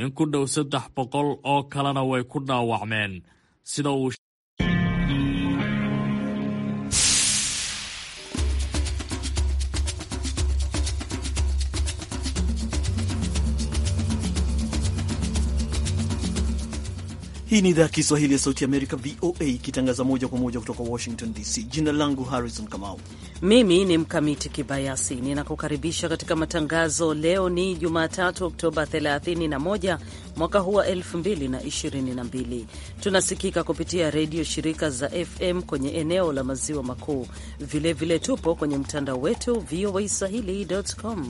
in ku dhow saddex boqol oo kalena way ku dhaawacmeen sida uu Hii ni idhaa ya Kiswahili ya Sauti Amerika, VOA, ikitangaza moja kwa moja kutoka Washington DC. Jina langu Harrison Kamau, mimi ni Mkamiti Kibayasi, ninakukaribisha katika matangazo. Leo ni Jumatatu, Oktoba 31 mwaka huu wa 2022. Tunasikika kupitia redio shirika za FM kwenye eneo la maziwa makuu. Vilevile tupo kwenye mtandao wetu swahili.com.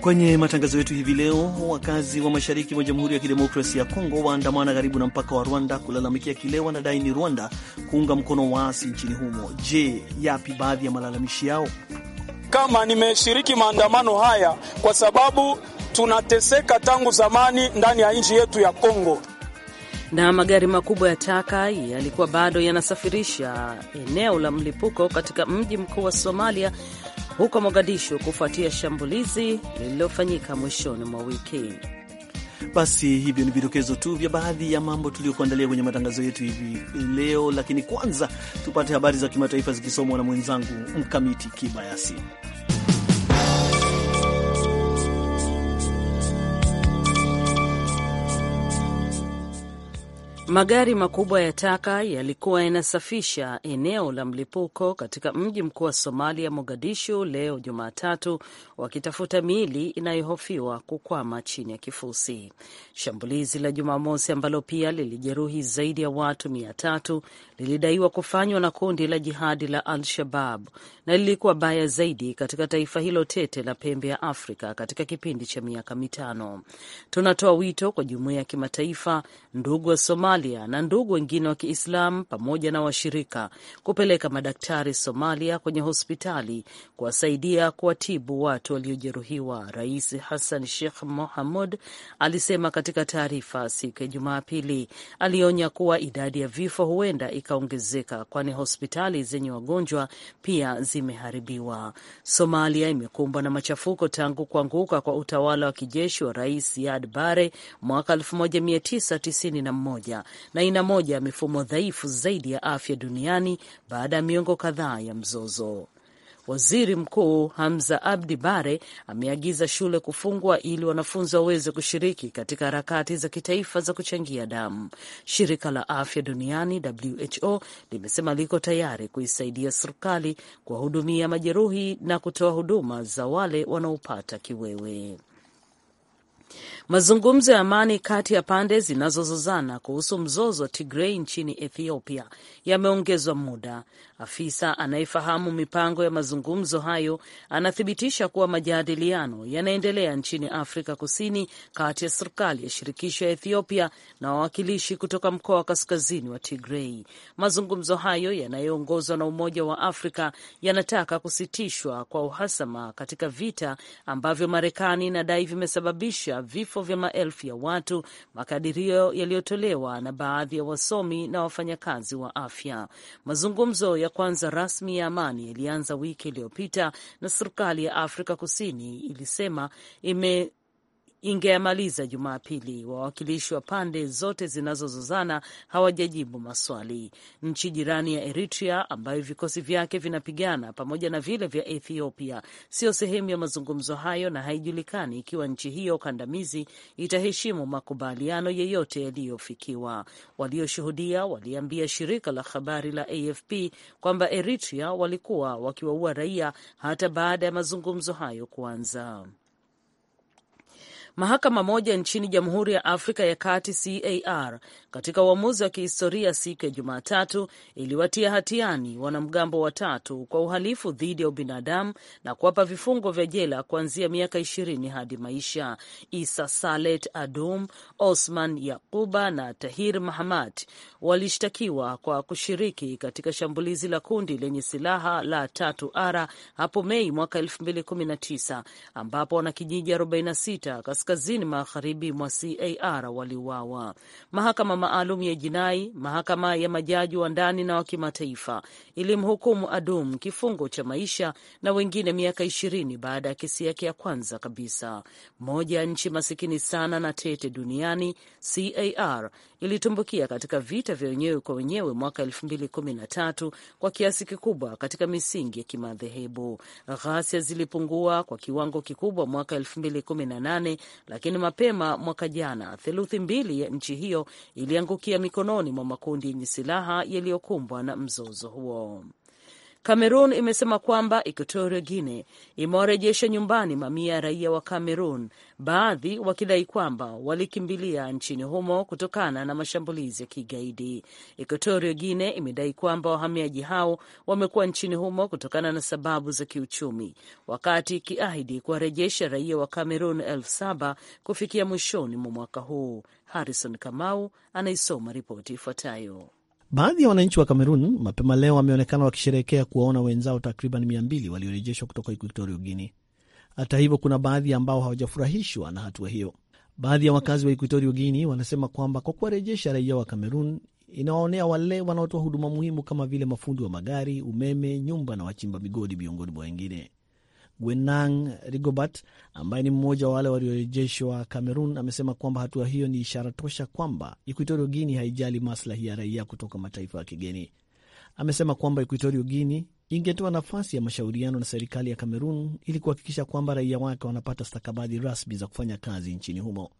Kwenye matangazo yetu hivi leo, wakazi wa mashariki mwa Jamhuri ya Kidemokrasia ya Kongo waandamana karibu na mpaka wa Rwanda kulalamikia kile wanadai ni Rwanda kuunga mkono waasi nchini humo. Je, yapi baadhi ya malalamishi yao? Kama nimeshiriki maandamano haya kwa sababu tunateseka tangu zamani ndani ya nchi yetu ya Kongo. Na magari makubwa ya taka yalikuwa bado yanasafirisha eneo la mlipuko katika mji mkuu wa Somalia huko Mogadishu kufuatia shambulizi lililofanyika mwishoni mwa wiki. Basi hivyo ni vidokezo tu vya baadhi ya mambo tuliyokuandalia kwenye matangazo yetu hivi leo, lakini kwanza tupate habari za kimataifa zikisomwa na mwenzangu Mkamiti Kibayasi. Magari makubwa ya taka yalikuwa yanasafisha eneo la mlipuko katika mji mkuu wa Somalia, Mogadishu, leo Jumatatu, wakitafuta miili inayohofiwa kukwama chini ya kifusi. Shambulizi la Jumamosi ambalo pia lilijeruhi zaidi ya watu mia tatu lilidaiwa kufanywa na kundi la jihadi la Al-Shabab na lilikuwa baya zaidi katika taifa hilo tete la pembe ya Afrika katika kipindi cha miaka mitano. Tunatoa wito kwa jumuiya ya kimataifa, ndugu wa Somalia Somalia na ndugu wengine wa Kiislamu pamoja na washirika kupeleka madaktari Somalia kwenye hospitali kuwasaidia kuwatibu watu waliojeruhiwa, Rais Hassan Sheikh Mohamud alisema katika taarifa siku ya Jumapili. Alionya kuwa idadi ya vifo huenda ikaongezeka, kwani hospitali zenye wagonjwa pia zimeharibiwa. Somalia imekumbwa na machafuko tangu kuanguka kwa utawala wa kijeshi wa Rais Siad Barre mwaka 1991 na ina moja ya mifumo dhaifu zaidi ya afya duniani baada ya miongo kadhaa ya mzozo. Waziri Mkuu Hamza Abdi Bare ameagiza shule kufungwa ili wanafunzi waweze kushiriki katika harakati za kitaifa za kuchangia damu. Shirika la Afya Duniani WHO limesema liko tayari kuisaidia serikali kuwahudumia majeruhi na kutoa huduma za wale wanaopata kiwewe. Mazungumzo ya amani kati ya pande zinazozozana kuhusu mzozo wa Tigrei nchini Ethiopia yameongezwa muda Afisa anayefahamu mipango ya mazungumzo hayo anathibitisha kuwa majadiliano yanaendelea nchini Afrika Kusini kati ya serikali ya shirikisho ya Ethiopia na wawakilishi kutoka mkoa wa kaskazini wa Tigrei. Mazungumzo hayo yanayoongozwa na Umoja wa Afrika yanataka kusitishwa kwa uhasama katika vita ambavyo Marekani inadai vimesababisha vifo vya maelfu ya watu, makadirio yaliyotolewa na baadhi ya wasomi na wafanyakazi wa afya. Mazungumzo ya ya kwanza rasmi ya amani ilianza wiki iliyopita na serikali ya Afrika Kusini ilisema ime ingeyamaliza Jumapili. Wawakilishi wa pande zote zinazozozana hawajajibu maswali. Nchi jirani ya Eritrea ambayo vikosi vyake vinapigana pamoja na vile vya Ethiopia sio sehemu ya mazungumzo hayo, na haijulikani ikiwa nchi hiyo kandamizi itaheshimu makubaliano yeyote yaliyofikiwa. Walioshuhudia waliambia shirika la habari la AFP kwamba Eritrea walikuwa wakiwaua raia hata baada ya mazungumzo hayo kuanza. Mahakama moja nchini Jamhuri ya Afrika ya Kati CAR katika uamuzi wa kihistoria siku ya Jumatatu iliwatia hatiani wanamgambo watatu kwa uhalifu dhidi ya ubinadamu na kuwapa vifungo vya jela kuanzia miaka ishirini hadi maisha. Isa Salet Adum, Osman Yakuba na Tahir Mahamat walishtakiwa kwa kushiriki katika shambulizi la kundi lenye silaha la Tatu Ara hapo Mei mwaka 2019 ambapo wanakijiji 46 kaskazini magharibi mwa CAR waliuawa. Mahakama maalum ya jinai, mahakama ya majaji wa ndani na wa kimataifa, ilimhukumu Adum kifungo cha maisha na wengine miaka ishirini baada ya kesi yake ya kwanza kabisa. Moja ya nchi masikini sana na tete duniani, CAR ilitumbukia katika vita vya wenyewe kwa wenyewe mwaka elfu mbili kumi na tatu kwa kiasi kikubwa katika misingi ya kimadhehebu. Ghasia zilipungua kwa kiwango kikubwa mwaka na nane lakini mapema mwaka jana theluthi mbili ya nchi hiyo iliangukia mikononi mwa makundi yenye silaha yaliyokumbwa na mzozo huo. Cameroon imesema kwamba Equatorial Guinea imewarejesha nyumbani mamia ya raia wa cameron baadhi wakidai kwamba walikimbilia nchini humo kutokana na mashambulizi ya kigaidi. Equatorial Guinea imedai kwamba wahamiaji hao wamekuwa nchini humo kutokana na sababu za kiuchumi, wakati ikiahidi kuwarejesha raia wa cameron elfu saba kufikia mwishoni mwa mwaka huu. Harrison Kamau anaisoma ripoti ifuatayo. Baadhi ya wananchi wa Kamerun mapema leo wameonekana wakisherehekea kuwaona wenzao takriban mia mbili waliorejeshwa kutoka Equatorial Guinea. Hata hivyo, kuna baadhi ambao hawajafurahishwa na hatua hiyo. Baadhi ya wakazi wa Equatorial Guinea wanasema kwamba kwa kuwarejesha raia wa Kamerun inawaonea wale wanaotoa huduma muhimu kama vile mafundi wa magari, umeme, nyumba na wachimba migodi, miongoni mwa wengine. Gwenang Rigobert ambaye ni mmoja wa wale waliorejeshwa Cameroon amesema kwamba hatua hiyo ni ishara tosha kwamba equitorio guini haijali maslahi ya raia kutoka mataifa ya kigeni. Amesema kwamba equitorio guini ingetoa nafasi ya mashauriano na serikali ya Cameroon ili kuhakikisha kwamba raia wake wanapata stakabadhi rasmi za kufanya kazi nchini humo.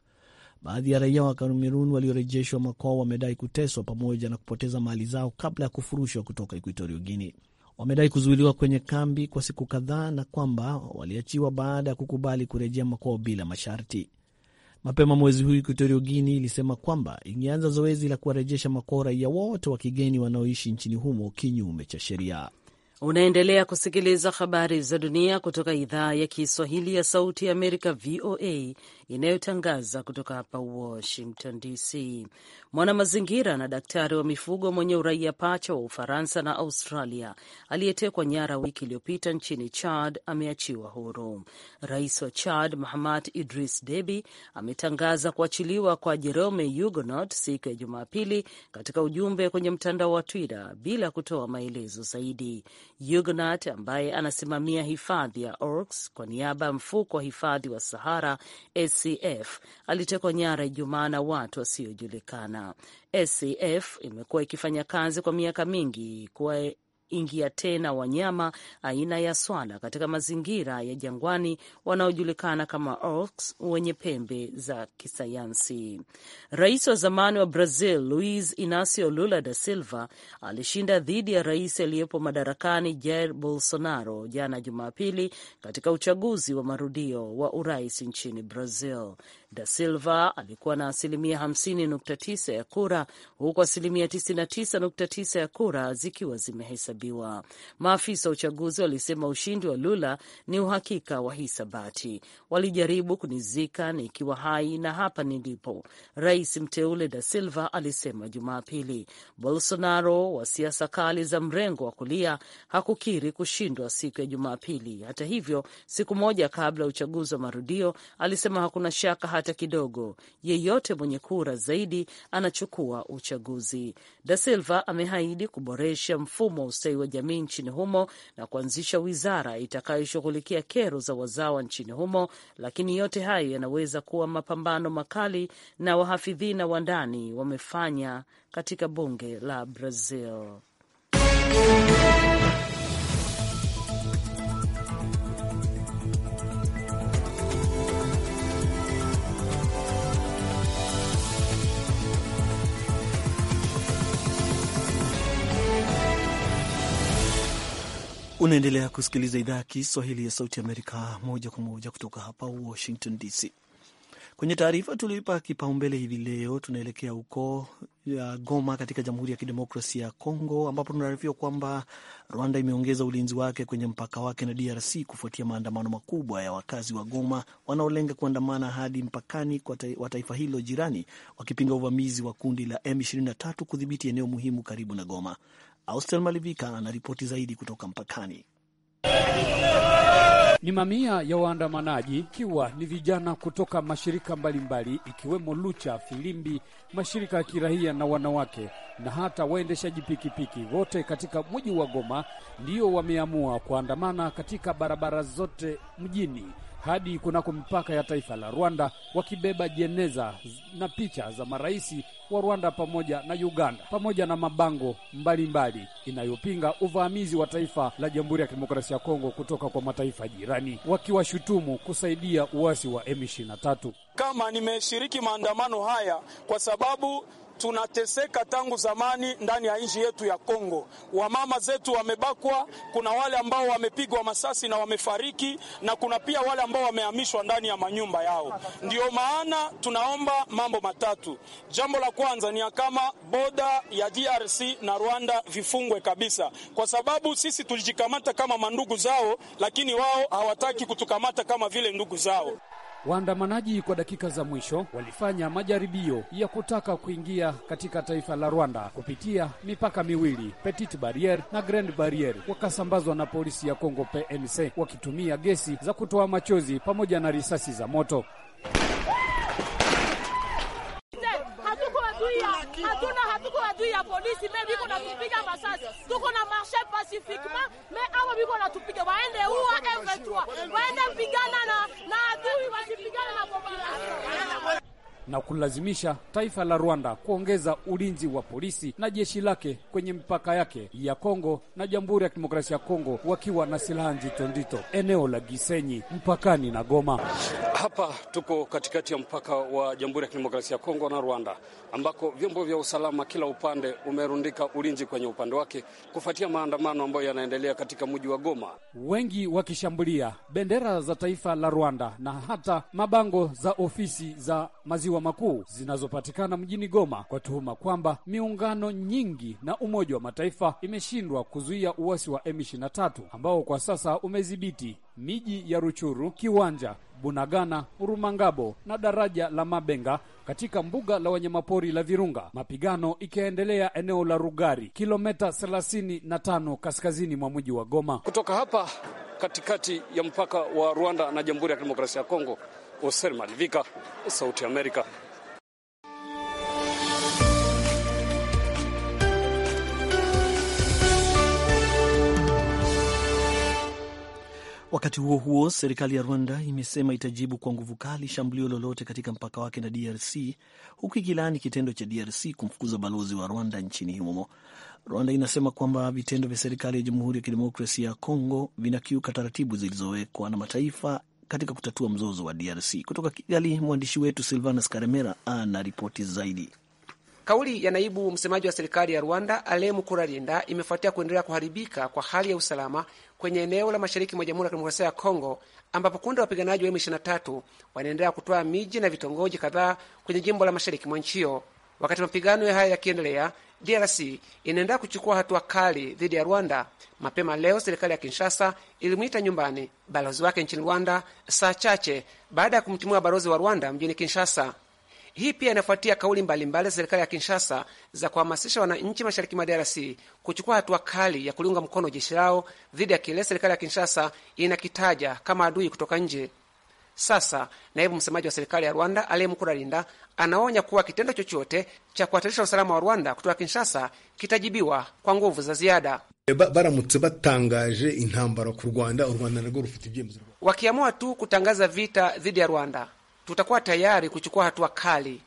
Baadhi ya raia wa Kamerun waliorejeshwa makwao wamedai kuteswa pamoja na kupoteza mali zao kabla ya kufurushwa kutoka equitorio Guinea wamedai kuzuiliwa kwenye kambi kwa siku kadhaa na kwamba waliachiwa baada ya kukubali kurejea makwao bila masharti. Mapema mwezi huu Equatorial guini ilisema kwamba ingeanza zoezi la kuwarejesha makwao raia wote wa kigeni wanaoishi nchini humo kinyume cha sheria. Unaendelea kusikiliza habari za dunia kutoka idhaa ya Kiswahili ya Sauti ya Amerika, VOA, inayotangaza kutoka hapa Washington DC mwanamazingira na daktari wa mifugo mwenye uraia pacha wa Ufaransa na Australia aliyetekwa nyara wiki iliyopita nchini Chad ameachiwa huru. Rais wa Chad Mahamat Idris Deby ametangaza kuachiliwa kwa Jerome Hugonot siku ya Jumapili katika ujumbe kwenye mtandao wa Twitter bila kutoa maelezo zaidi. Hugonot ambaye anasimamia hifadhi ya Orcs kwa niaba ya mfuko wa hifadhi wa Sahara SCF alitekwa nyara Ijumaa na watu wasiojulikana sana. SAF imekuwa ikifanya kazi kwa miaka mingi kuwa ingia tena wanyama aina ya swala katika mazingira ya jangwani wanaojulikana kama orks wenye pembe za kisayansi. Rais wa zamani wa Brazil luis Inacio Lula da Silva alishinda dhidi ya rais aliyepo madarakani Jair Bolsonaro jana Jumapili katika uchaguzi wa marudio wa urais nchini Brazil. Da Silva alikuwa na asilimia 50.9 ya kura huku asilimia 99.9 ya kura zikiwa zimehesabiwa. Maafisa wa uchaguzi walisema ushindi wa Lula ni uhakika wa hisabati. Walijaribu kunizika nikiwa hai na hapa nilipo, rais mteule Da Silva alisema Jumapili. Bolsonaro wa siasa kali za mrengo wa kulia hakukiri kushindwa siku ya Jumapili. Hata hivyo, siku moja kabla ya uchaguzi wa marudio alisema hakuna shaka hata kidogo. Yeyote mwenye kura zaidi anachukua uchaguzi. Da Silva ameahidi kuboresha mfumo wa ustawi wa jamii nchini humo na kuanzisha wizara itakayoshughulikia kero za wazawa nchini humo, lakini yote hayo yanaweza kuwa mapambano makali na wahafidhina wa ndani wamefanya katika bunge la Brazil. Unaendelea kusikiliza idhaa ya Kiswahili ya Sauti Amerika moja kwa moja kutoka hapa Washington DC. Kwenye taarifa tulioipa kipaumbele hivi leo, tunaelekea huko Goma katika Jamhuri ya Kidemokrasia ya Kongo, ambapo tunaarifiwa kwamba Rwanda imeongeza ulinzi wake kwenye mpaka wake na DRC kufuatia maandamano makubwa ya wakazi wa Goma wanaolenga kuandamana hadi mpakani wa taifa hilo jirani, wakipinga uvamizi wa kundi la M23 kudhibiti eneo muhimu karibu na Goma. Austel Malivika ripoti zaidi kutoka mpakani. Ni mamia ya waandamanaji ikiwa ni vijana kutoka mashirika mbalimbali mbali, ikiwemo Lucha, Filimbi, mashirika ya kiraia na wanawake na hata waendeshaji pikipiki, wote katika mji wa Goma ndio wameamua kuandamana katika barabara zote mjini hadi kunako mipaka ya taifa la Rwanda wakibeba jeneza na picha za marais wa Rwanda pamoja na Uganda pamoja na mabango mbalimbali inayopinga uvamizi wa taifa la Jamhuri ya Kidemokrasia ya Kongo kutoka kwa mataifa jirani wakiwashutumu kusaidia uasi wa M23. Kama nimeshiriki maandamano haya kwa sababu tunateseka tangu zamani ndani ya nchi yetu ya Kongo. Wamama zetu wamebakwa, kuna wale ambao wamepigwa masasi na wamefariki, na kuna pia wale ambao wamehamishwa ndani ya manyumba yao. Ndiyo maana tunaomba mambo matatu. Jambo la kwanza ni kama boda ya DRC na Rwanda vifungwe kabisa, kwa sababu sisi tulijikamata kama mandugu zao, lakini wao hawataki kutukamata kama vile ndugu zao. Waandamanaji kwa dakika za mwisho walifanya majaribio ya kutaka kuingia katika taifa la Rwanda kupitia mipaka miwili, Petite Barriere na Grand Barriere, wakasambazwa na polisi ya congo PNC wakitumia gesi za kutoa machozi pamoja na risasi za moto. police, hatuna hatuko adui ya polisi me biko natupiga masasi, tuko na marché pacifiquement, mais awa biko natupiga waende uwa piqué waende pigana na adui wasipigana na na kulazimisha taifa la Rwanda kuongeza ulinzi wa polisi na jeshi lake kwenye mipaka yake ya Kongo na Jamhuri ya Kidemokrasia ya Kongo wakiwa na silaha nzito nzito eneo la Gisenyi mpakani na Goma. Hapa tuko katikati ya mpaka wa Jamhuri ya Kidemokrasia ya Kongo na Rwanda ambako vyombo vya usalama kila upande umerundika ulinzi kwenye upande wake kufuatia maandamano ambayo yanaendelea katika mji wa Goma. Wengi wakishambulia bendera za taifa la Rwanda na hata mabango za ofisi za maziwa makuu zinazopatikana mjini Goma kwa tuhuma kwamba miungano nyingi na Umoja wa Mataifa imeshindwa kuzuia uasi wa M23 ambao kwa sasa umedhibiti miji ya Ruchuru, Kiwanja, Bunagana, Urumangabo na daraja la Mabenga katika mbuga la wanyamapori la Virunga, mapigano ikiendelea eneo la Rugari, kilomita 35 kaskazini mwa mji wa Goma. Kutoka hapa katikati ya mpaka wa Rwanda na Jamhuri ya Kidemokrasia ya Kongo Oser Malivika, Sauti Amerika. Wakati huo huo, serikali ya Rwanda imesema itajibu kwa nguvu kali shambulio lolote katika mpaka wake na DRC, huku ikilaani kitendo cha DRC kumfukuza balozi wa Rwanda nchini humo. Rwanda inasema kwamba vitendo vya serikali ya Jamhuri ya Kidemokrasia ya Kongo vinakiuka taratibu zilizowekwa na mataifa katika kutatua mzozo wa DRC. Kutoka Kigali, mwandishi wetu Silvanus Karemera ana ripoti zaidi. Kauli ya naibu msemaji wa serikali ya Rwanda Alemu Kurarinda imefuatia kuendelea kuharibika kwa hali ya usalama kwenye eneo la mashariki mwa Jamhuri ya Kidemokrasia ya Kongo, ambapo kundi la wapiganaji wa M23 wanaendelea kutoa miji na vitongoji kadhaa kwenye jimbo la mashariki mwa nchi hiyo. Wakati mapigano haya yakiendelea, DRC inaendelea kuchukua hatua kali dhidi ya Rwanda. Mapema leo serikali ya Kinshasa ilimwita nyumbani balozi wake nchini Rwanda saa chache baada ya kumtimua balozi wa Rwanda mjini Kinshasa. Hii pia inafuatia kauli mbalimbali za serikali ya Kinshasa za kuhamasisha wananchi mashariki mwa DRC kuchukua hatua kali ya kuliunga mkono jeshi lao dhidi ya kile serikali ya Kinshasa inakitaja kama adui kutoka nje. Sasa naibu msemaji wa serikali ya Rwanda Alain Mukuralinda anaonya kuwa kitendo chochote cha kuhatarisha usalama wa Rwanda kutoka Kinshasa kitajibiwa kwa nguvu za ziada. Eh, baramutse batangaje intambara ku Rwanda u Rwanda narwo rufite ibyemezo. Wakiamua tu kutangaza vita dhidi ya Rwanda, tutakuwa tayari kuchukua hatua kali,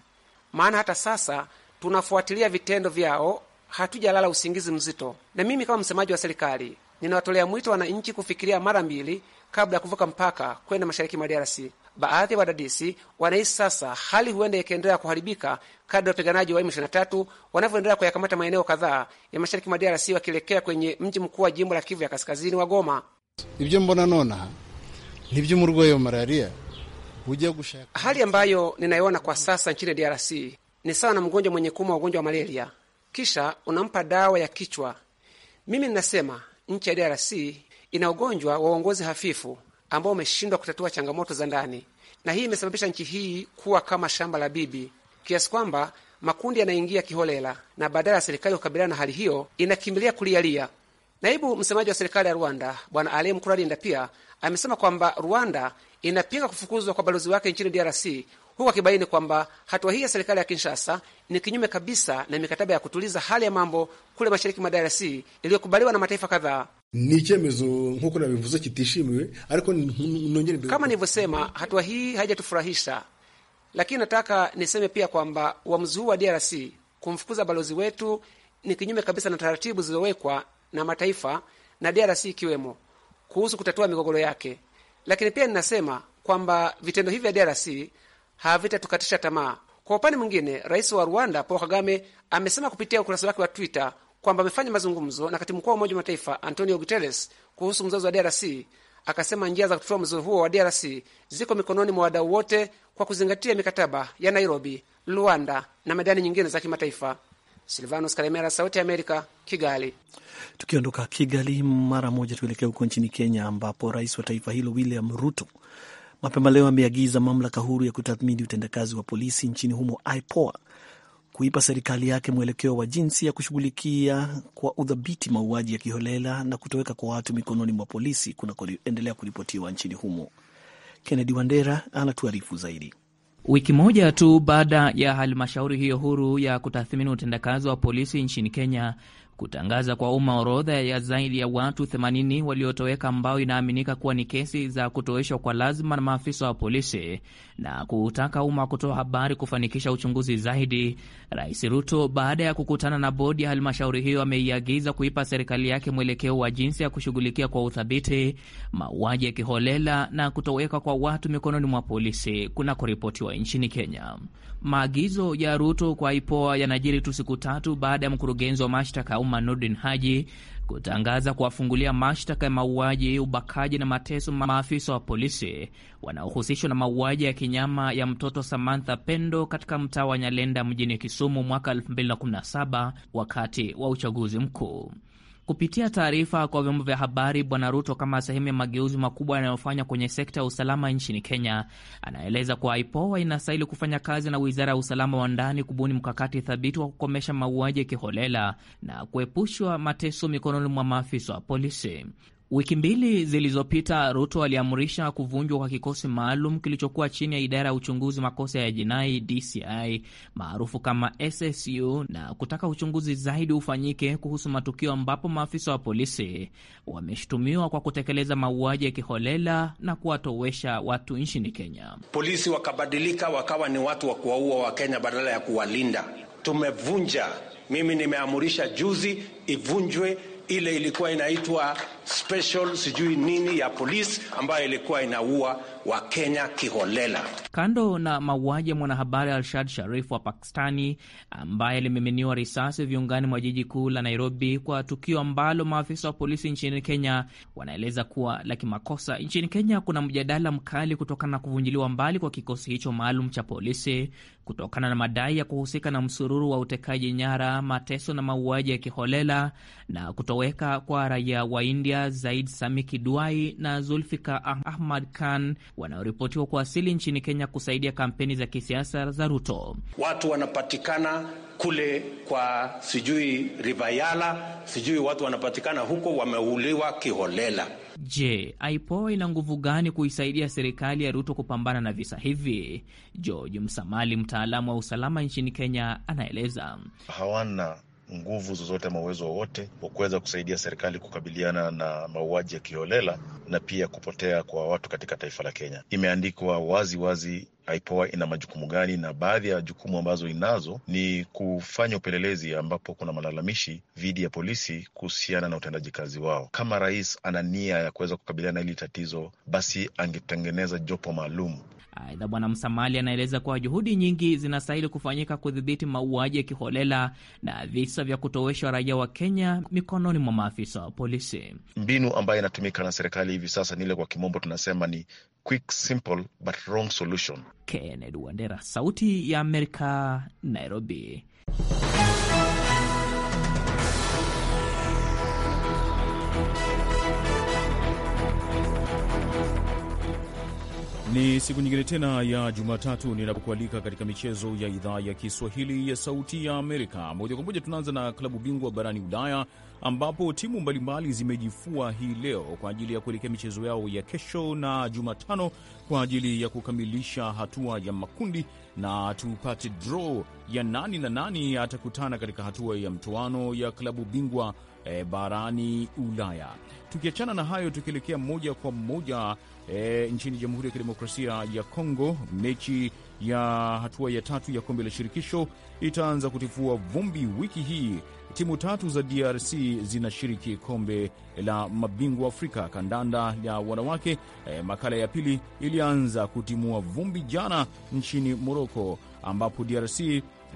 maana hata sasa tunafuatilia vitendo vyao, hatujalala usingizi mzito. Na mimi kama msemaji wa serikali ninawatolea mwito wananchi kufikiria mara mbili kabla ya kuvuka mpaka kwenda mashariki mwa DRC. Baadhi ya wadadisi wanahisi sasa hali huenda ikaendelea kuharibika kadri wapiganaji wa M23 wanavyoendelea kuyakamata maeneo kadhaa ya mashariki mwa DRC wakielekea kwenye mji mkuu wa jimbo la Kivu ya kaskazini wa Goma. Ibyo mbona nona nibyo murwayi wa malaria huja gushaka. Hali ambayo ninayoona kwa sasa nchini DRC ni sawa na mgonjwa mwenye kuma ugonjwa wa malaria, kisha unampa dawa ya kichwa. Mimi ninasema nchi ya DRC ina ugonjwa wa uongozi hafifu ambao umeshindwa kutatua changamoto za ndani, na hii imesababisha nchi hii kuwa kama shamba la bibi, kiasi kwamba makundi yanaingia kiholela na badala ya serikali kukabiliana na hali hiyo inakimbilia kulialia. Naibu msemaji wa serikali ya Rwanda Bwana Alain Mukurarinda pia amesema kwamba Rwanda inapinga kufukuzwa kwa balozi wake nchini DRC huku akibaini kwamba hatua hii ya serikali ya Kinshasa ni kinyume kabisa na mikataba ya kutuliza hali ya mambo kule mashariki mwa DRC iliyokubaliwa na mataifa kadhaa. Ni chemezo nkuko nabivuze kitishimiwe ariko nongere kama nilivyosema, hatua hii haijatufurahisha, lakini nataka niseme pia kwamba uamuzi huu wa DRC kumfukuza balozi wetu ni kinyume kabisa na taratibu zilizowekwa na mataifa na DRC ikiwemo kuhusu kutatua migogoro yake. Lakini pia ninasema kwamba vitendo hivi vya DRC havitatukatisha tamaa. Kwa upande mwingine, rais wa Rwanda Paul Kagame amesema kupitia ukurasa wake wa Twitter kwamba amefanya mazungumzo na katibu mkuu wa Umoja wa Mataifa Antonio Guterres kuhusu mzozo wa DRC. Akasema njia za kutotua mzozo huo wa DRC ziko mikononi mwa wadau wote kwa kuzingatia mikataba ya Nairobi, Luanda na medani nyingine za kimataifa. Silvanus Kalemera, Sauti ya Amerika, Kigali. Tukiondoka Kigali mara moja tuelekea huko nchini Kenya, ambapo rais wa taifa hilo William Ruto mapema leo ameagiza mamlaka huru ya kutathmini utendakazi wa polisi nchini humo IPOA kuipa serikali yake mwelekeo wa jinsi ya kushughulikia kwa udhabiti mauaji ya kiholela na kutoweka kwa watu mikononi mwa polisi kunakoendelea kuripotiwa nchini humo. Kennedy Wandera anatuarifu zaidi. Wiki moja tu baada ya halmashauri hiyo huru ya kutathmini utendakazi wa polisi nchini Kenya kutangaza kwa umma orodha ya zaidi ya watu 80 waliotoweka ambao inaaminika kuwa ni kesi za kutoweshwa kwa lazima na maafisa wa polisi na kutaka umma kutoa habari kufanikisha uchunguzi zaidi. Rais Ruto, baada ya kukutana na bodi ya halmashauri hiyo, ameiagiza kuipa serikali yake mwelekeo wa jinsi ya kushughulikia kwa uthabiti mauaji ya kiholela na kutoweka kwa watu mikononi mwa polisi kunakoripotiwa nchini Kenya. Maagizo ya Ruto kwa IPOA yanajiri tu siku tatu baada ya mkurugenzi wa mashtaka Mahakama Nordin Haji kutangaza kuwafungulia mashtaka ya mauaji, ubakaji na mateso maafisa wa polisi wanaohusishwa na mauaji ya kinyama ya mtoto Samantha Pendo katika mtaa wa Nyalenda mjini Kisumu mwaka 2017 wakati wa uchaguzi mkuu. Kupitia taarifa kwa vyombo vya habari, Bwana Ruto, kama sehemu ya mageuzi makubwa yanayofanywa kwenye sekta ya usalama nchini Kenya, anaeleza kuwa IPOA inastahili kufanya kazi na wizara ya usalama wa ndani kubuni mkakati thabiti wa kukomesha mauaji ya kiholela na kuepushwa mateso mikononi mwa maafisa wa polisi. Wiki mbili zilizopita, Ruto aliamrisha kuvunjwa kwa kikosi maalum kilichokuwa chini ya idara ya uchunguzi makosa ya jinai DCI maarufu kama SSU na kutaka uchunguzi zaidi ufanyike kuhusu matukio ambapo maafisa wa polisi wameshutumiwa kwa kutekeleza mauaji ya kiholela na kuwatowesha watu nchini Kenya. Polisi wakabadilika wakawa ni watu wa kuwaua Wakenya badala ya kuwalinda. Tumevunja, mimi nimeamurisha juzi ivunjwe ile ilikuwa inaitwa special sijui nini ya polisi ambayo ilikuwa inaua wa kenya kiholela. Kando na mauaji ya mwanahabari Alshad Sharif wa Pakistani ambaye alimiminiwa risasi viungani mwa jiji kuu la Nairobi, kwa tukio ambalo maafisa wa polisi nchini Kenya wanaeleza kuwa la kimakosa. Nchini Kenya kuna mjadala mkali kutokana na kuvunjiliwa mbali kwa kikosi hicho maalum cha polisi kutokana na madai ya kuhusika na msururu wa utekaji nyara, mateso na mauaji ya kiholela na kutoweka kwa raia wa India Libya Zaid Samiki Duai na Zulfika Ahmad Khan wanaoripotiwa kuwasili nchini Kenya kusaidia kampeni za kisiasa za Ruto. Watu wanapatikana kule kwa sijui rivayala sijui watu wanapatikana huko wameuliwa kiholela. Je, IPOA ina nguvu gani kuisaidia serikali ya Ruto kupambana na visa hivi? George Msamali, mtaalamu wa usalama nchini Kenya, anaeleza. Hawana nguvu zozote ama uwezo wowote wa kuweza kusaidia serikali kukabiliana na mauaji ya kiholela na pia kupotea kwa watu katika taifa la Kenya. Imeandikwa wazi wazi IPOA ina majukumu gani, na baadhi ya jukumu ambazo inazo ni kufanya upelelezi ambapo kuna malalamishi dhidi ya polisi kuhusiana na utendaji kazi wao. Kama rais ana nia ya kuweza kukabiliana na hili tatizo, basi angetengeneza jopo maalum Aidha, Bwana Msamali anaeleza kuwa juhudi nyingi zinastahili kufanyika kudhibiti mauaji ya kiholela na visa vya kutoweshwa raia wa Kenya mikononi mwa maafisa wa polisi. Mbinu ambayo inatumika na serikali hivi sasa ni ile, kwa kimombo tunasema ni quick simple but wrong solution. Kennedy Wandera, Sauti ya Amerika, Nairobi. Ni siku nyingine tena ya Jumatatu ninapokualika katika michezo ya idhaa ya Kiswahili ya Sauti ya Amerika. Moja kwa moja tunaanza na klabu bingwa barani Ulaya ambapo timu mbalimbali zimejifua hii leo kwa ajili ya kuelekea michezo yao ya kesho na Jumatano kwa ajili ya kukamilisha hatua ya makundi, na tupate draw ya nani na nani atakutana katika hatua ya mtoano ya klabu bingwa e, barani Ulaya. Tukiachana na hayo, tukielekea moja kwa moja e, nchini Jamhuri ya Kidemokrasia ya Kongo, mechi ya hatua ya tatu ya kombe la shirikisho itaanza kutifua vumbi wiki hii. Timu tatu za DRC zinashiriki kombe la mabingwa Afrika kandanda ya wanawake. E, makala ya pili ilianza kutimua vumbi jana nchini Moroko ambapo DRC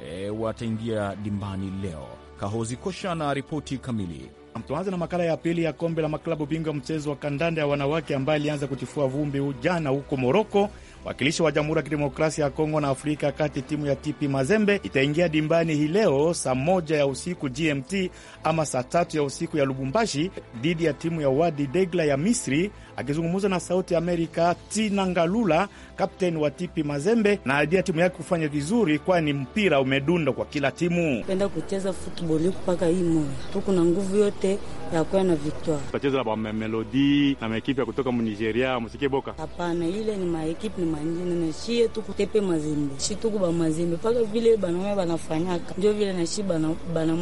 e, wataingia dimbani leo. Kahozi Kosha na ripoti kamili. Tuanze na makala ya pili ya kombe la maklabu bingwa mchezo wa kandanda ya wanawake ambaye alianza kutifua vumbi jana huko Moroko Wakilishi wa Jamhuri ya Kidemokrasia ya Kongo na Afrika Kati, timu ya TP Mazembe itaingia dimbani hii leo saa moja ya usiku GMT ama saa tatu ya usiku ya Lubumbashi dhidi ya timu ya Wadi Degla ya Misri. Akizungumza na Sauti ya Amerika, Tina Ngalula, kapteni wa TP Mazembe, na aidia timu yake kufanya vizuri, kwani mpira umedunda kwa kila timu. Penda kucheza football mpaka hii moyo, tuku na nguvu yote ya kuwa na victoire. Tutacheza na ba na maekipe ya kutoka Nigeria, musike boka. Hapana, ile ni maekipe ni manjini, na shie tu kutepe mazimbe, Shi tuku ba mazimbe, paka vile banawe banafanyaka. Ndio vile na shi banamuke bana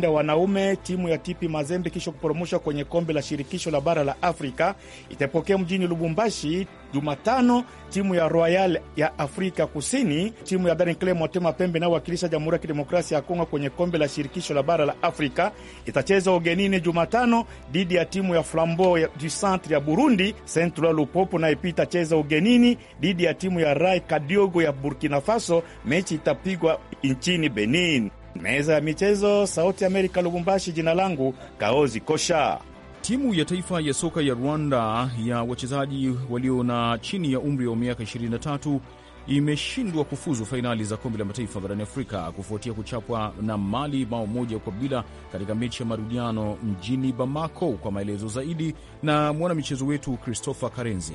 da wanaume timu ya TP Mazembe kisha kuporomoshwa kwenye kombe la shirikisho la bara la Afrika itapokea mjini Lubumbashi Jumatano timu ya Royal ya Afrika Kusini. Timu ya Daring Motema Pembe inayowakilisha Jamhuri ya Kidemokrasia ya Kongo kwenye kombe la shirikisho la bara la Afrika itacheza ugenini Jumatano dhidi ya timu ya Flambeau du Centre ya Burundi. Central Lupopo nayo pia itacheza ugenini dhidi ya timu ya Rai Kadiogo ya Burkina Faso. Mechi itapigwa nchini Benin. Meza ya michezo, Sauti Amerika, Lubumbashi. Jina langu Kaozi Kosha. Timu ya taifa ya soka ya Rwanda ya wachezaji walio na chini ya umri wa miaka 23 imeshindwa kufuzu fainali za kombe la mataifa barani Afrika kufuatia kuchapwa na Mali bao moja kwa bila katika mechi ya marudiano mjini Bamako. Kwa maelezo zaidi na mwanamichezo wetu Christopher Karenzi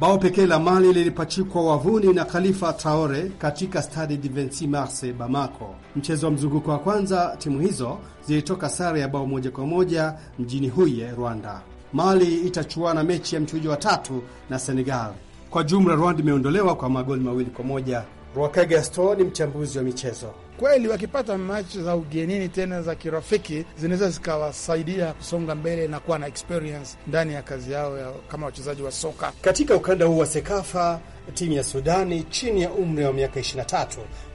bao pekee la Mali lilipachikwa wavuni na Khalifa Traore katika Stade de 26 Mars Bamako. Mchezo wa mzunguko wa kwanza, timu hizo zilitoka sare ya bao moja kwa moja mjini Huye, Rwanda. Mali itachuana mechi ya mchujo wa tatu na Senegal. Kwa jumla, Rwanda imeondolewa kwa magoli mawili kwa moja. Rwaka Gaston ni mchambuzi wa michezo kweli wakipata machi za ugenini tena za kirafiki zinaweza zikawasaidia kusonga mbele na kuwa na experience ndani ya kazi yao ya kama wachezaji wa soka katika ukanda huu wa Sekafa. Timu ya Sudani chini ya umri wa miaka 23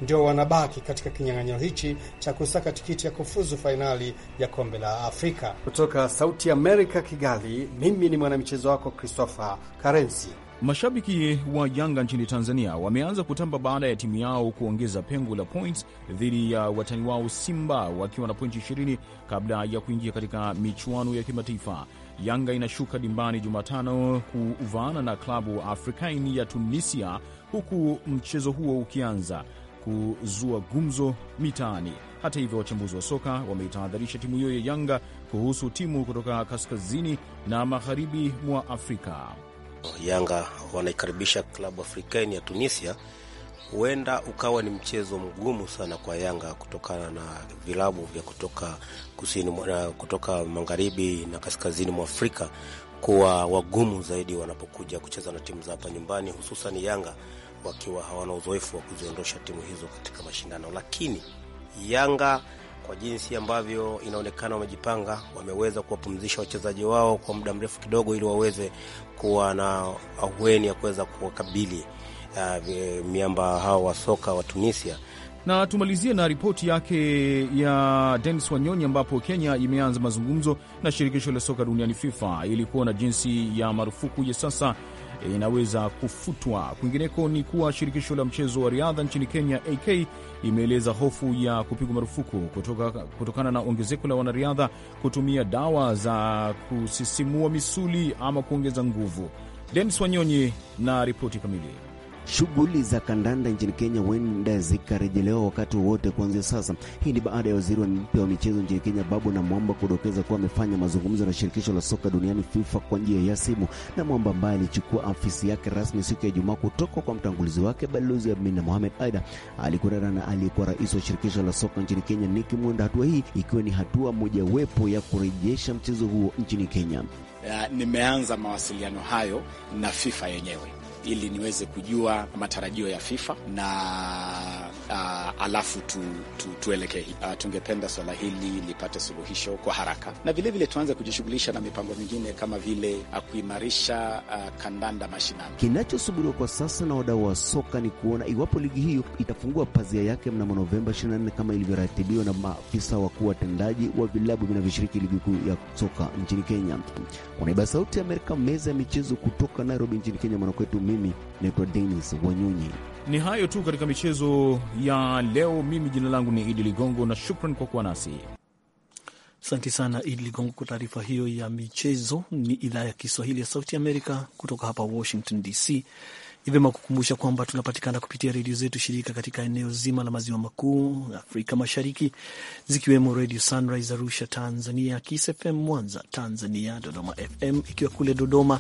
ndio wanabaki katika kinyang'anyiro hichi cha kusaka tikiti ya kufuzu fainali ya kombe la Afrika. Kutoka Sauti Amerika, Kigali, mimi ni mwanamichezo wako Christopher Karensi. Mashabiki wa Yanga nchini Tanzania wameanza kutamba baada ya timu yao kuongeza pengo la points dhidi ya watani wao Simba wakiwa na pointi 20 kabla ya kuingia katika michuano ya kimataifa. Yanga inashuka dimbani Jumatano kuvaana na klabu Afrikain ya Tunisia, huku mchezo huo ukianza kuzua gumzo mitaani. Hata hivyo, wachambuzi wa soka wameitahadharisha timu hiyo ya Yanga kuhusu timu kutoka kaskazini na magharibi mwa Afrika. Yanga wanaikaribisha klabu african ya Tunisia. Huenda ukawa ni mchezo mgumu sana kwa Yanga kutokana na vilabu vya kutoka kusini, kutoka magharibi na kaskazini mwa Afrika kuwa wagumu zaidi wanapokuja kucheza na timu za hapa nyumbani, hususan Yanga wakiwa hawana uzoefu wa kuziondosha timu hizo katika mashindano, lakini Yanga kwa jinsi ambavyo inaonekana wamejipanga, wameweza kuwapumzisha wachezaji wao kwa muda mrefu kidogo, ili waweze kuwa na ahueni ya kuweza kuwakabili uh, miamba hao wa soka wa Tunisia na tumalizie na ripoti yake ya Denis Wanyonyi ambapo Kenya imeanza mazungumzo na shirikisho la soka duniani FIFA ili kuona jinsi ya marufuku ya sasa inaweza kufutwa. Kwingineko ni kuwa shirikisho la mchezo wa riadha nchini Kenya AK imeeleza hofu ya kupigwa marufuku kutoka, kutokana na ongezeko la wanariadha kutumia dawa za kusisimua misuli ama kuongeza nguvu. Denis Wanyonyi na ripoti kamili. Shughuli za kandanda nchini Kenya huenda zikarejelewa wakati wowote kuanzia sasa. Hii ni baada ya waziri mpya wa michezo nchini Kenya Babu na Mwamba kudokeza kuwa amefanya mazungumzo na shirikisho la soka duniani FIFA kwa njia ya simu, na Mwamba ambaye alichukua afisi yake rasmi siku ya Ijumaa kutoka kwa mtangulizi wake Balozi Amina Mohamed. Aidha, alikutana na aliyekuwa rais wa shirikisho la soka nchini Kenya Nick Mwenda, hatua hii ikiwa ni hatua mojawapo ya kurejesha mchezo huo nchini Kenya. Uh, nimeanza mawasiliano hayo na FIFA yenyewe ili niweze kujua matarajio ya FIFA na uh, alafu tu, tu, tuelekee. Uh, tungependa swala hili lipate suluhisho kwa haraka, na vilevile tuanze kujishughulisha na mipango mingine kama vile uh, kuimarisha uh, kandanda mashinani. Kinachosubiriwa kwa sasa na wadau wa soka ni kuona iwapo ligi hiyo itafungua pazia yake mnamo Novemba 24 kama ilivyoratibiwa na maafisa wakuu watendaji wa vilabu vinavyoshiriki ligi kuu ya soka nchini Kenya. Kwa niaba ya Sauti ya Amerika, meza ya michezo kutoka Nairobi nchini Kenya, mwanakwetu mimi naitwa Denis Wanyonyi. Ni hayo tu katika michezo ya leo. Mimi jina langu ni Idi Ligongo na shukran kwa kuwa nasi. Asante sana Idi Ligongo kwa taarifa hiyo ya michezo. Ni idhaa ya Kiswahili ya Sauti Amerika kutoka hapa Washington DC. Ni vyema kukumbusha kwamba tunapatikana kupitia redio zetu shirika katika eneo zima la maziwa makuu Afrika Mashariki, zikiwemo Redio Sunrise Arusha Tanzania, Kiss FM Mwanza Tanzania, Dodoma FM ikiwa kule Dodoma,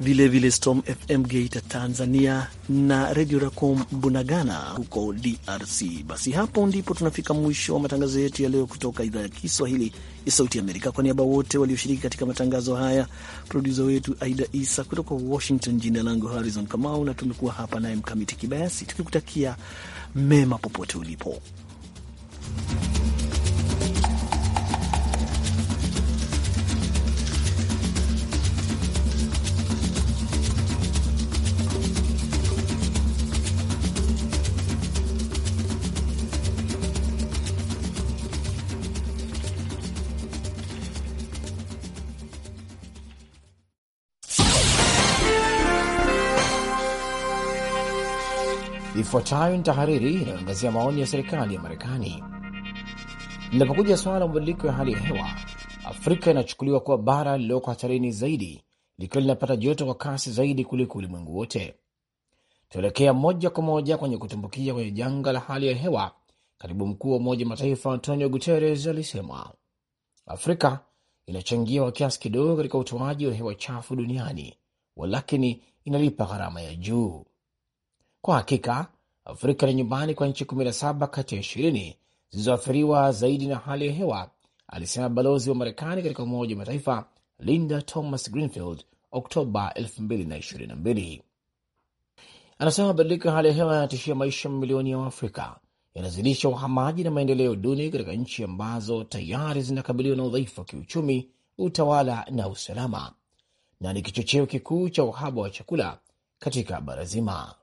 vilevile vile Storm FM Geita Tanzania na Redio Racom Bunagana huko DRC. Basi hapo ndipo tunafika mwisho wa matangazo yetu ya leo kutoka idhaa ya Kiswahili ya Sauti Amerika. Kwa niaba wote walioshiriki katika matangazo haya, produsa wetu Aida Isa kutoka Washington, jina langu Harrison Kamau na tumekuwa hapa naye Mkamiti Kibayasi tukikutakia mema popote ulipo. Ifuatayo ni tahariri inayoangazia maoni ya serikali ya Marekani. Linapokuja suala la mabadiliko ya hali ya hewa, Afrika inachukuliwa kuwa bara lililoko hatarini zaidi, likiwa linapata joto kwa kasi zaidi kuliko ulimwengu wote. Tuelekea moja kwa moja kwenye kutumbukia kwenye janga la hali ya hewa, katibu mkuu wa Umoja Mataifa Antonio Guterres alisema. Afrika inachangia kwa kiasi kidogo katika utoaji wa hewa chafu duniani, walakini inalipa gharama ya juu. Kwa hakika Afrika ni nyumbani kwa nchi 17 kati ya 20 zilizoathiriwa zaidi na hali ya hewa, alisema balozi wa Marekani katika Umoja wa Mataifa Linda Thomas Greenfield Oktoba 2022. Anasema mabadiliko ya hali ya hewa yanatishia maisha mamilioni ya Waafrika, yanazidisha uhamaji na maendeleo duni katika nchi ambazo tayari zinakabiliwa na udhaifu wa kiuchumi, utawala na usalama, na ni kichocheo kikuu cha uhaba wa chakula katika bara zima.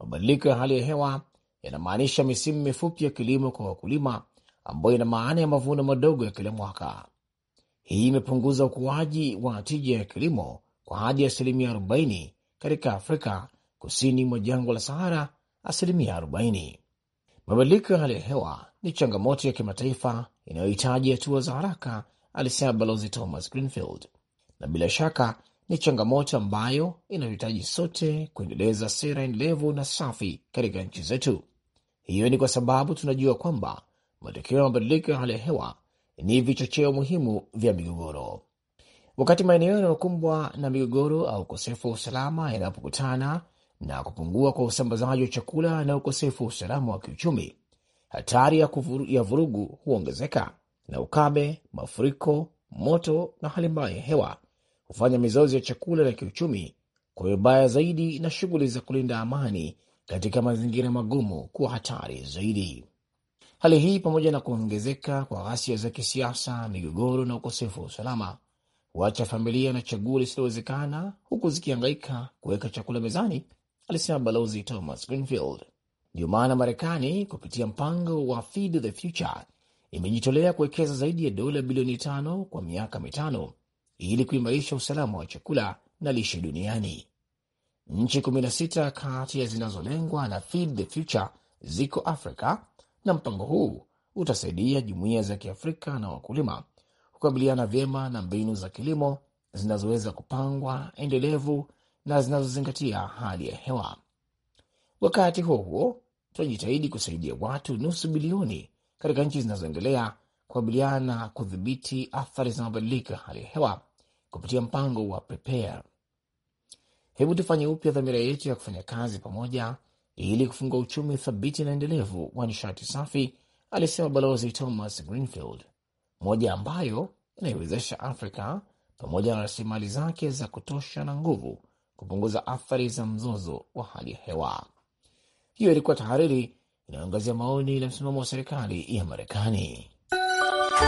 Mabadiliko ya hali ya hewa yanamaanisha misimu mifupi ya kilimo kwa wakulima, ambayo ina maana ya mavuno madogo ya kila mwaka. Hii imepunguza ukuaji wa tija ya kilimo kwa hadi asilimia 40 katika Afrika kusini mwa jangwa la Sahara, asilimia 40. Mabadiliko ya hali ya hewa ni changamoto ya kimataifa inayohitaji hatua za haraka, alisema Balozi Thomas Greenfield, na bila shaka ni changamoto ambayo inatuhitaji sote kuendeleza sera endelevu na safi katika nchi zetu. Hiyo ni kwa sababu tunajua kwamba matokeo ya mabadiliko ya hali ya hewa ni vichocheo muhimu vya migogoro. Wakati maeneo yanayokumbwa na migogoro au ukosefu wa usalama yanapokutana na kupungua kwa usambazaji wa chakula na ukosefu wa usalama wa kiuchumi, hatari ya, kufuru, ya vurugu huongezeka na ukame, mafuriko, moto na hali mbaya ya hewa hufanya mizozo ya chakula na kiuchumi kwa vibaya zaidi na shughuli za kulinda amani katika mazingira magumu kuwa hatari zaidi. Hali hii pamoja na kuongezeka kwa ghasia za kisiasa, migogoro na ukosefu wa usalama huacha familia na chaguo lisilowezekana, huku zikihangaika kuweka chakula mezani, alisema Balozi Thomas Greenfield. Ndiyo maana Marekani kupitia mpango wa Feed the Future imejitolea kuwekeza zaidi ya dola bilioni tano kwa miaka mitano ili kuimarisha usalama wa chakula na lishe duniani. Nchi 16 kati ya zinazolengwa na Feed the Future ziko Afrika, na mpango huu utasaidia jumuiya za Kiafrika na wakulima kukabiliana vyema na mbinu za kilimo zinazoweza kupangwa, endelevu na zinazozingatia hali ya hewa. Wakati huo huo, tunajitahidi kusaidia watu nusu bilioni katika nchi zinazoendelea kukabiliana na kudhibiti athari za mabadiliko ya hali ya hewa kupitia mpango wa Prepare. Hebu tufanye upya dhamira yetu ya kufanya kazi pamoja ili kufungua uchumi thabiti na endelevu wa nishati safi, alisema Balozi Thomas Greenfield, moja ambayo inaiwezesha Afrika pamoja na rasilimali zake za kutosha na nguvu kupunguza athari za mzozo wa hali ya hewa. Hiyo ilikuwa tahariri inayoangazia maoni na msimamo wa serikali ya Marekani.